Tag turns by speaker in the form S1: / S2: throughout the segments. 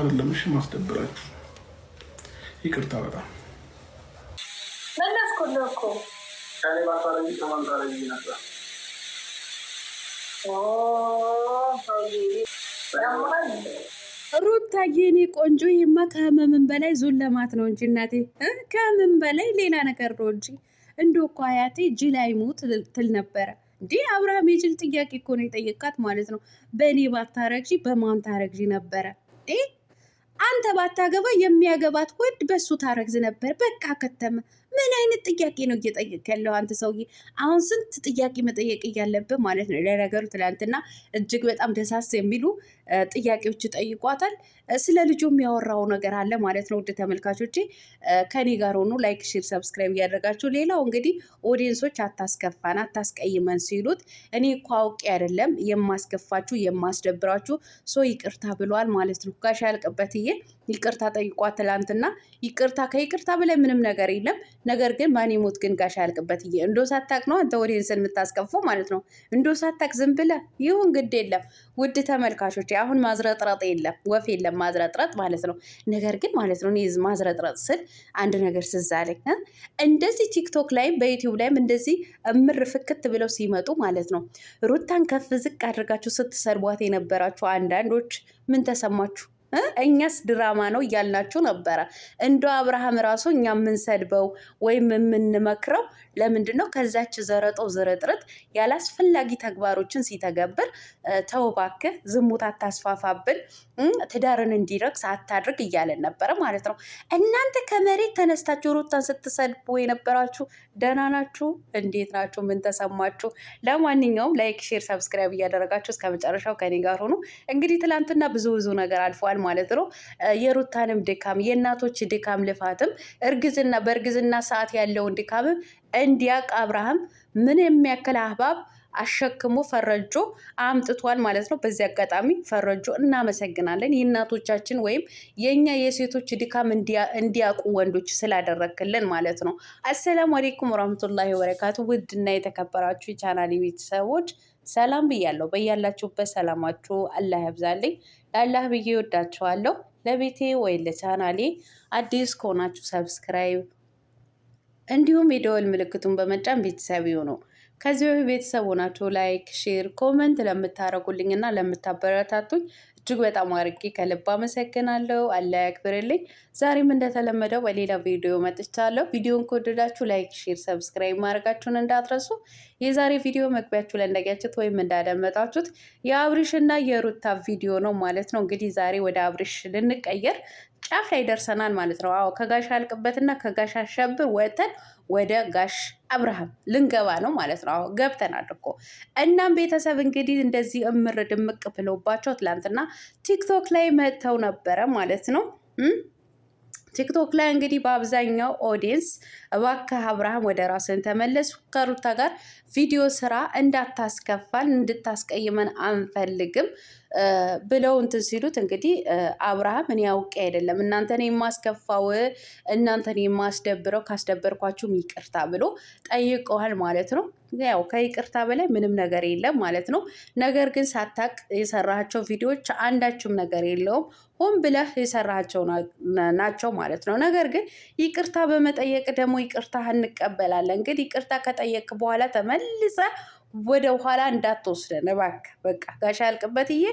S1: አይደለም። እሺ ማስደብራችሁ ይቅርታ በጣም
S2: ሩታዬ እኔ ቆንጆ ይሄማ ከህመምን በላይ ዞን ለማት ነው እንጂ እናቴ ከህመም በላይ ሌላ ነገር ነው እንጂ እንዶ እኮ አያቴ ጅል አይሙት ትል ነበረ። እንዲህ አብርሃም የጅል ጥያቄ እኮ ነው የጠየቃት ማለት ነው። በእኔ ባታረግዢ በማን ታረግዢ ነበረ? አንተ ባታገባ የሚያገባት ወንድ በሱ ታረግዝ ነበር። በቃ ከተመ። ምን አይነት ጥያቄ ነው እየጠየቅ ያለው አንተ ሰውዬ? አሁን ስንት ጥያቄ መጠየቅ እያለብህ ማለት ነው። ለነገሩ ትላንትና እጅግ በጣም ደሳስ የሚሉ ጥያቄዎች ጠይቋታል። ስለ ልጁ የሚያወራው ነገር አለ ማለት ነው። ውድ ተመልካቾቼ ከኔ ጋር ሆኑ ላይክ፣ ሼር፣ ሰብስክራይብ እያደረጋችሁ ሌላው እንግዲህ ኦዲየንሶች አታስከፋን፣ አታስቀይመን ሲሉት እኔ እኮ አውቄ አይደለም የማስከፋችሁ የማስደብራችሁ ሰው ይቅርታ ብሏል ማለት ነው። ጋሽ ያልቅበትዬ ይቅርታ ጠይቋ ትላንትና። ይቅርታ ከይቅርታ በላይ ምንም ነገር የለም። ነገር ግን ማን ይሞት ግን ጋሽ ያልቅበት እየ እንዶ ሳታቅ ነው አንተ ስን የምታስከፈው ማለት ነው። እንዶ ሳታቅ ዝም ብለ ይሁን ግድ የለም። ውድ ተመልካቾች አሁን ማዝረጥረጥ የለም ወፍ የለም ማዝረጥረጥ ማለት ነው። ነገር ግን ማለት ነው እኔ ማዝረጥረጥ ስል አንድ ነገር ስዛለኝ እንደዚህ ቲክቶክ ላይም በዩቲዩብ ላይም እንደዚህ እምር ፍክት ብለው ሲመጡ ማለት ነው ሩታን ከፍ ዝቅ አድርጋችሁ ስትሰርቧት የነበራችሁ አንዳንዶች ምን ተሰማችሁ? እኛስ ድራማ ነው እያልናችሁ ነበረ። እንደ አብርሃም ራሱ እኛ የምንሰድበው ወይም የምንመክረው ለምንድን ነው? ከዛች ዘረጦ ዝርጥርት ያላስፈላጊ ተግባሮችን ሲተገብር ተውባክ ዝሙት አታስፋፋብን፣ ትዳርን እንዲረግ አታድርግ እያለን ነበረ ማለት ነው። እናንተ ከመሬት ተነስታችሁ ሩታን ስትሰድቡ የነበራችሁ ደህና ናችሁ? እንዴት ናችሁ? ምን ተሰማችሁ? ለማንኛውም ላይክ፣ ሼር፣ ሰብስክራይብ እያደረጋችሁ እስከ መጨረሻው ከኔ ጋር ሆኑ። እንግዲህ ትላንትና ብዙ ብዙ ነገር አልፈዋል ማለት ነው። የሩታንም ድካም የእናቶች ድካም ልፋትም እርግዝና በእርግዝና ሰዓት ያለውን ድካምም እንዲያቅ አብርሃም ምን የሚያክል አህባብ አሸክሞ ፈረጆ አምጥቷል ማለት ነው። በዚህ አጋጣሚ ፈረጆ እናመሰግናለን። የእናቶቻችን ወይም የእኛ የሴቶች ድካም እንዲያውቁ ወንዶች ስላደረክልን ማለት ነው። አሰላሙ አሌይኩም ወራህመቱላሂ ወበረካቱ። ውድና የተከበራችሁ የቻናል ቤተሰቦች ሰላም ብያለሁ። በያላችሁበት ሰላማችሁ አላህ ያብዛልኝ። ለአላህ ብዬ ወዳችኋለሁ። ለቤቴ ወይ ለቻናሌ አዲስ ከሆናችሁ ሰብስክራይብ እንዲሁም የደወል ምልክቱን በመጫን ቤተሰብ ነው ከዚህ በፊት ቤተሰብ ሆናችሁ ላይክ፣ ሼር፣ ኮመንት ለምታረጉልኝ እና ለምታበረታቱኝ እጅግ በጣም አርጌ ከልብ አመሰግናለሁ። አላህ ያክብርልኝ። ዛሬም እንደተለመደው በሌላ ቪዲዮ መጥቻለሁ። ቪዲዮን ከወደዳችሁ ላይክ፣ ሼር፣ ሰብስክራይብ ማድረጋችሁን እንዳትረሱ። የዛሬ ቪዲዮ መግቢያችሁ ላይ እንዳያችሁት ወይም እንዳደመጣችሁት የአብሪሽ እና የሩታ ቪዲዮ ነው ማለት ነው። እንግዲህ ዛሬ ወደ አብሪሽ ልንቀየር ጫፍ ላይ ደርሰናል ማለት ነው። አዎ ከጋሽ አልቅበትና ከጋሽ አሸብር ወጥተን ወደ ጋሽ አብርሃም ልንገባ ነው ማለት ነው። አዎ ገብተናል እኮ። እናም ቤተሰብ እንግዲህ እንደዚህ እምር ድምቅ ብለውባቸው ትላንትና ቲክቶክ ላይ መጥተው ነበረ ማለት ነው። ቲክቶክ ላይ እንግዲህ በአብዛኛው ኦዲየንስ እባክህ አብርሃም ወደ ራስን ተመለስ፣ ከሩታ ጋር ቪዲዮ ስራ እንዳታስከፋን፣ እንድታስቀይመን አንፈልግም ብለው እንትን ሲሉት እንግዲህ አብርሃም እኔ አውቄ አይደለም እናንተን የማስከፋው እናንተን የማስደብረው ካስደበርኳችሁም ይቅርታ ብሎ ጠይቀዋል ማለት ነው። ያው ከይቅርታ በላይ ምንም ነገር የለም ማለት ነው። ነገር ግን ሳታቅ የሰራቸው ቪዲዮዎች አንዳችም ነገር የለውም። ሆን ብለህ የሰራቸው ናቸው ማለት ነው። ነገር ግን ይቅርታ በመጠየቅ ደግሞ ይቅርታ እንቀበላለን። እንግዲህ ይቅርታ ከጠየቅ በኋላ ተመልሰ ወደ ኋላ እንዳትወስደን እባክህ። በቃ ጋሻ ያልቅበትዬ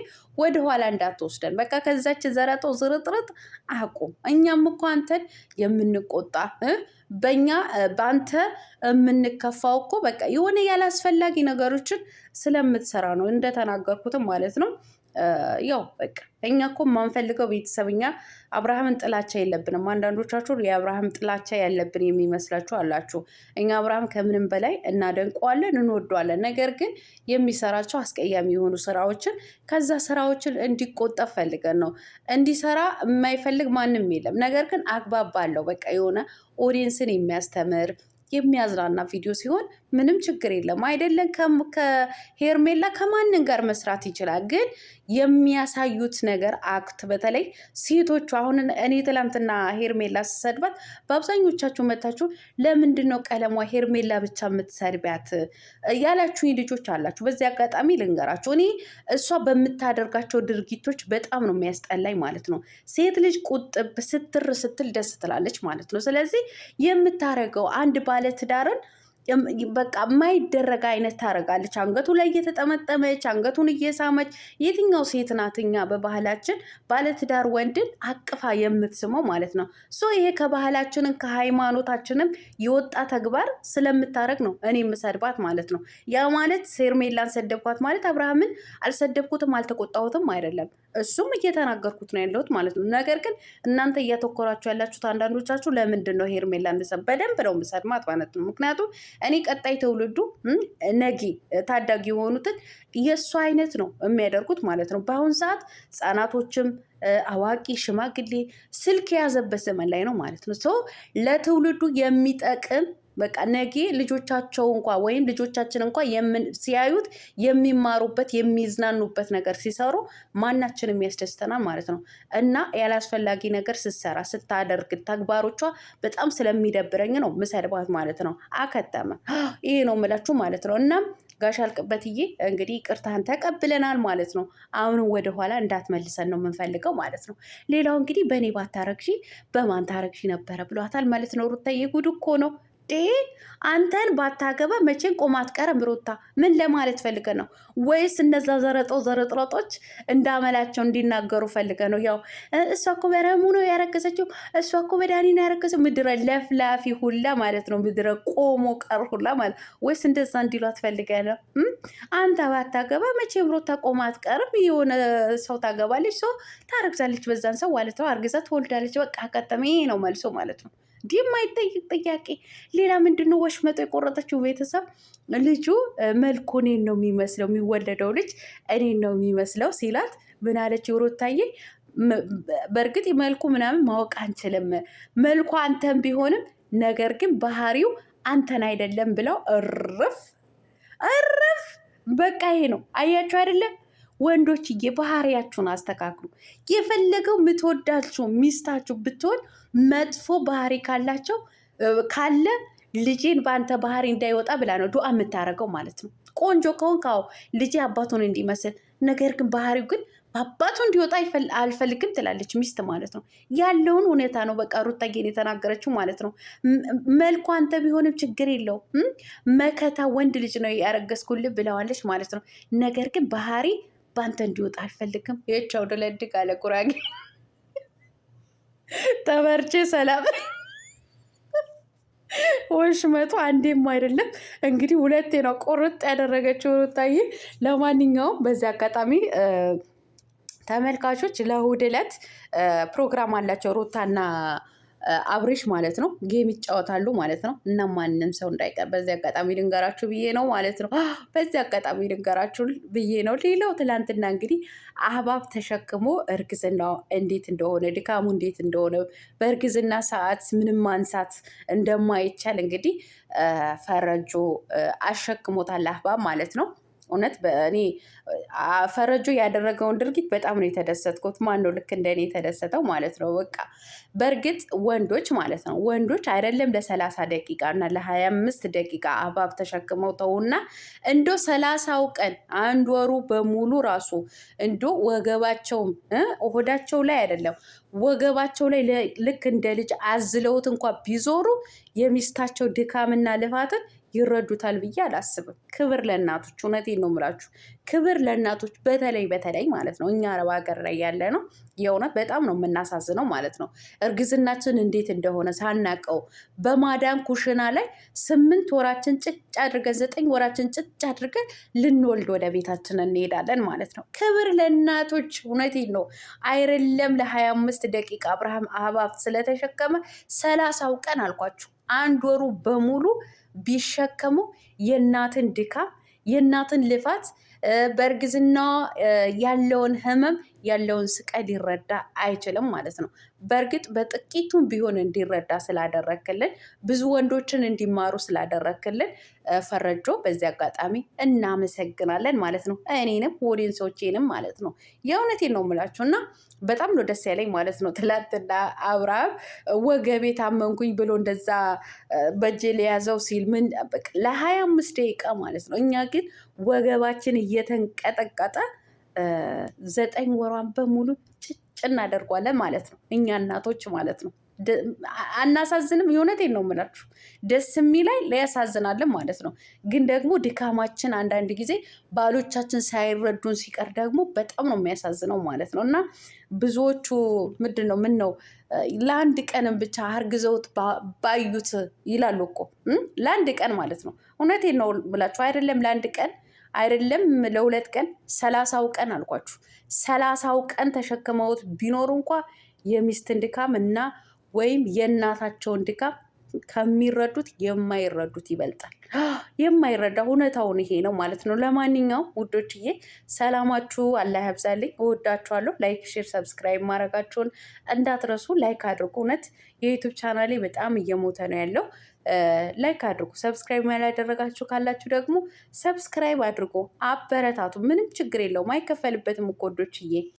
S2: ወደ ኋላ እንዳትወስደን በቃ። ከዛች ዘረጦ ዝርጥርጥ አቁም። እኛም እኮ አንተን የምንቆጣ በእኛ በአንተ የምንከፋው እኮ በቃ የሆነ ያላስፈላጊ ነገሮችን ስለምትሰራ ነው እንደተናገርኩትም ማለት ነው። ያው በቃ እኛ እኮ የማንፈልገው ቤተሰብ እኛ አብርሃምን ጥላቻ የለብንም። አንዳንዶቻችሁ የአብርሃም ጥላቻ ያለብን የሚመስላችሁ አላችሁ። እኛ አብርሃም ከምንም በላይ እናደንቀዋለን፣ እንወደዋለን። ነገር ግን የሚሰራቸው አስቀያሚ የሆኑ ስራዎችን ከዛ ስራዎችን እንዲቆጠብ ፈልገን ነው። እንዲሰራ የማይፈልግ ማንም የለም። ነገር ግን አግባብ ባለው በቃ የሆነ ኦዲየንስን የሚያስተምር የሚያዝናና ቪዲዮ ሲሆን ምንም ችግር የለም። አይደለም ከሄርሜላ ከማንን ጋር መስራት ይችላል። ግን የሚያሳዩት ነገር አክት፣ በተለይ ሴቶቹ አሁን እኔ ትላንትና ሄርሜላ ስሰድባት በአብዛኞቻችሁ መታችሁ ለምንድን ነው ቀለሟ ሄርሜላ ብቻ የምትሰድቢያት ያላችሁኝ ልጆች አላችሁ። በዚህ አጋጣሚ ልንገራችሁ፣ እኔ እሷ በምታደርጋቸው ድርጊቶች በጣም ነው የሚያስጠላኝ ማለት ነው። ሴት ልጅ ቁጥብ ስትር ስትል ደስ ትላለች ማለት ነው። ስለዚህ የምታደርገው አንድ ባለትዳርን በቃ የማይደረግ አይነት ታደርጋለች። አንገቱ ላይ እየተጠመጠመች አንገቱን እየሳመች የትኛው ሴት ናትኛ በባህላችን ባለትዳር ወንድን አቅፋ የምትስመው ማለት ነው። ሶ ይሄ ከባህላችንን ከሃይማኖታችንም የወጣ ተግባር ስለምታደርግ ነው እኔ የምሰድባት ማለት ነው። ያ ማለት ሄርሜላን ሰደብኳት ማለት አብርሃምን አልሰደብኩትም አልተቆጣሁትም አይደለም። እሱም እየተናገርኩት ነው ያለሁት ማለት ነው። ነገር ግን እናንተ እያተኮራችሁ ያላችሁት አንዳንዶቻችሁ ለምንድን ነው ሄርሜላ እንሰብ በደንብ ነው ምሰድማት ማለት ነው። ምክንያቱም እኔ ቀጣይ ትውልዱ ነጊ ታዳጊ የሆኑትን የእሱ አይነት ነው የሚያደርጉት ማለት ነው። በአሁን ሰዓት ህጻናቶችም አዋቂ ሽማግሌ ስልክ የያዘበት ዘመን ላይ ነው ማለት ነው። ሰው ለትውልዱ የሚጠቅም በቃ ነገ ልጆቻቸው እንኳ ወይም ልጆቻችን እንኳ ሲያዩት የሚማሩበት የሚዝናኑበት ነገር ሲሰሩ ማናችንም ያስደስተናል ማለት ነው እና ያላስፈላጊ ነገር ስትሰራ ስታደርግ ተግባሮቿ በጣም ስለሚደብረኝ ነው ምሰድባት ማለት ነው። አከተመ። ይሄ ነው ምላችሁ ማለት ነው እና ጋሽ አልቅበትዬ እንግዲህ ቅርታህን ተቀብለናል ማለት ነው። አሁንም ወደኋላ እንዳትመልሰን ነው የምንፈልገው ማለት ነው። ሌላው እንግዲህ በእኔ ባታረግሺ በማን ታረግሺ ነበረ ብሏታል ማለት ነው። ሩታዬ ጉድ እኮ ነው። አንተን ባታገባ መቼን ቆማት አትቀርም ሩታ። ምን ለማለት ፈልገ ነው? ወይስ እነዛ ዘረጦ ዘረጥረጦች እንዳመላቸው እንዲናገሩ ፈልገ ነው? ያው እሷ እኮ በረሙ ነው ያረገዘችው፣ እሷ እኮ በዳኒ ነው ያረገዘው። ምድረ ለፍላፊ ሁላ ማለት ነው፣ ምድረ ቆሞ ቀር ሁላ ማለት ወይስ እንደዛ እንዲሉ አትፈልገ ነው? አንተ ባታገባ መቼም ሩታ ቆማት አትቀርም። የሆነ ሰው ታገባለች፣ ሰው ታረግዛለች፣ በዛን ሰው ማለት ነው። አርግዛ ትወልዳለች። በቃ አጋጠመ። ይሄ ነው መልሶ ማለት ነው። ዲህ የማይጠይቅ ጥያቄ ሌላ ምንድን ነው ወሽመጦ የቆረጠችው ቤተሰብ ልጁ መልኩ እኔን ነው የሚመስለው የሚወለደው ልጅ እኔን ነው የሚመስለው ሲላት ምን አለች ሩታዬ በእርግጥ መልኩ ምናምን ማወቅ አንችልም መልኩ አንተን ቢሆንም ነገር ግን ባህሪው አንተን አይደለም ብለው እርፍ እርፍ በቃ ይሄ ነው አያችሁ አይደለም ወንዶች የባህሪያችሁን አስተካክሉ። የፈለገው የምትወዳችሁ ሚስታችሁ ብትሆን መጥፎ ባህሪ ካላቸው ካለ ልጄን በአንተ ባህሪ እንዳይወጣ ብላ ነው ዱዓ የምታደርገው ማለት ነው። ቆንጆ ከሆን ካው ልጄ አባቱን እንዲመስል ነገር ግን ባህሪው ግን አባቱ እንዲወጣ አልፈልግም ትላለች ሚስት ማለት ነው። ያለውን ሁኔታ ነው በቃ ሩታዬን የተናገረችው ማለት ነው። መልኩ አንተ ቢሆንም ችግር የለው መከታ ወንድ ልጅ ነው ያረገዝኩልህ ብለዋለች ማለት ነው። ነገር ግን ባህሪ በአንተ እንዲወጣ አልፈልግም። የቻው አውደለድግ አለ ጉራጌ ተበርቼ ሰላም ወሽመጡ አንዴም አይደለም እንግዲህ ሁለቴ ነው ቁርጥ ያደረገችው ሩታዬ። ለማንኛውም በዚህ አጋጣሚ ተመልካቾች ለእሑድ ዕለት ፕሮግራም አላቸው ሩታና አብሬሽ ማለት ነው ጌም ይጫወታሉ ማለት ነው። እና ማንም ሰው እንዳይቀር በዚህ አጋጣሚ ልንገራችሁ ብዬ ነው ማለት ነው። በዚህ አጋጣሚ ልንገራችሁ ብዬ ነው። ሌላው ትላንትና እንግዲህ አህባብ ተሸክሞ እርግዝና እንዴት እንደሆነ ድካሙ እንዴት እንደሆነ በእርግዝና ሰዓት ምንም ማንሳት እንደማይቻል እንግዲህ ፈረጆ አሸክሞታል አህባብ ማለት ነው። እውነት በእኔ ፈረጆ ያደረገውን ድርጊት በጣም ነው የተደሰትኩት። ማን ነው ልክ እንደኔ የተደሰተው ማለት ነው። በቃ በእርግጥ ወንዶች ማለት ነው ወንዶች አይደለም ለሰላሳ ደቂቃ እና ለሀያ አምስት ደቂቃ አባብ ተሸክመው ተውና እንዶ ሰላሳው ቀን አንድ ወሩ በሙሉ ራሱ እንዶ ወገባቸውም ሆዳቸው ላይ አይደለም ወገባቸው ላይ ልክ እንደ ልጅ አዝለውት እንኳ ቢዞሩ የሚስታቸው ድካምና ልፋትን ይረዱታል ብዬ አላስብም። ክብር ለእናቶች፣ እውነቴን ነው የምላችሁ፣ ክብር ለእናቶች በተለይ በተለይ ማለት ነው። እኛ አረብ ሀገር ላይ ያለ ነው የእውነት በጣም ነው የምናሳዝነው ማለት ነው። እርግዝናችን እንዴት እንደሆነ ሳናቀው በማዳን ኩሽና ላይ ስምንት ወራችን ጭጭ አድርገን ዘጠኝ ወራችን ጭጭ አድርገን ልንወልድ ወደ ቤታችን እንሄዳለን ማለት ነው። ክብር ለእናቶች፣ እውነቴን ነው አይደለም። ለሀያ አምስት ደቂቃ አብርሃም አህባብ ስለተሸከመ ሰላሳው ቀን አልኳችሁ አንድ ወሩ በሙሉ ቢሸከሙ የእናትን ድካም የእናትን ልፋት በእርግዝና ያለውን ህመም ያለውን ስቃይ ሊረዳ አይችልም ማለት ነው። በእርግጥ በጥቂቱም ቢሆን እንዲረዳ ስላደረክልን፣ ብዙ ወንዶችን እንዲማሩ ስላደረክልን ፈረጆ በዚህ አጋጣሚ እናመሰግናለን ማለት ነው። እኔንም ኦዲየንሶቼንም ማለት ነው የእውነቴን ነው የምላችሁ እና በጣም ነው ደስ ያለኝ ማለት ነው። ትላንትና አብርሃም ወገቤ ታመንኩኝ ብሎ እንደዛ በእጄ ሊያዘው ሲል ምን ለሀያ አምስት ደቂቃ ማለት ነው እኛ ግን ወገባችን እየተንቀጠቀጠ ዘጠኝ ወሯን በሙሉ ጭጭ እናደርጓለን ማለት ነው። እኛ እናቶች ማለት ነው። አናሳዝንም። የእውነቴን ነው የምላችሁ። ደስ የሚላይ ያሳዝናልን ማለት ነው። ግን ደግሞ ድካማችን አንዳንድ ጊዜ ባሎቻችን ሳይረዱን ሲቀር ደግሞ በጣም ነው የሚያሳዝነው ማለት ነው። እና ብዙዎቹ ምንድን ነው ምን ነው ለአንድ ቀንም ብቻ አርግዘውት ባዩት ይላሉ እኮ ለአንድ ቀን ማለት ነው። እውነቴን ነው የምላችሁ አይደለም ለአንድ ቀን አይደለም ለሁለት ቀን ሰላሳው ቀን አልኳችሁ። ሰላሳው ቀን ተሸክመውት ቢኖሩ እንኳ የሚስትን ድካም እና ወይም የእናታቸውን ድካም ከሚረዱት የማይረዱት ይበልጣል። የማይረዳ እውነታውን ይሄ ነው ማለት ነው። ለማንኛውም ውዶችዬ ሰላማችሁ አላህ ያብዛልኝ። እወዳችኋለሁ። ላይክ፣ ሼር፣ ሰብስክራይብ ማድረጋችሁን እንዳትረሱ። ላይክ አድርጉ። እውነት የዩቱብ ቻናሌ በጣም እየሞተ ነው ያለው። ላይክ አድርጉ። ሰብስክራይብ ያላደረጋችሁ ካላችሁ ደግሞ ሰብስክራይብ አድርጎ አበረታቱ። ምንም ችግር የለውም አይከፈልበትም እኮ ውዶችዬ።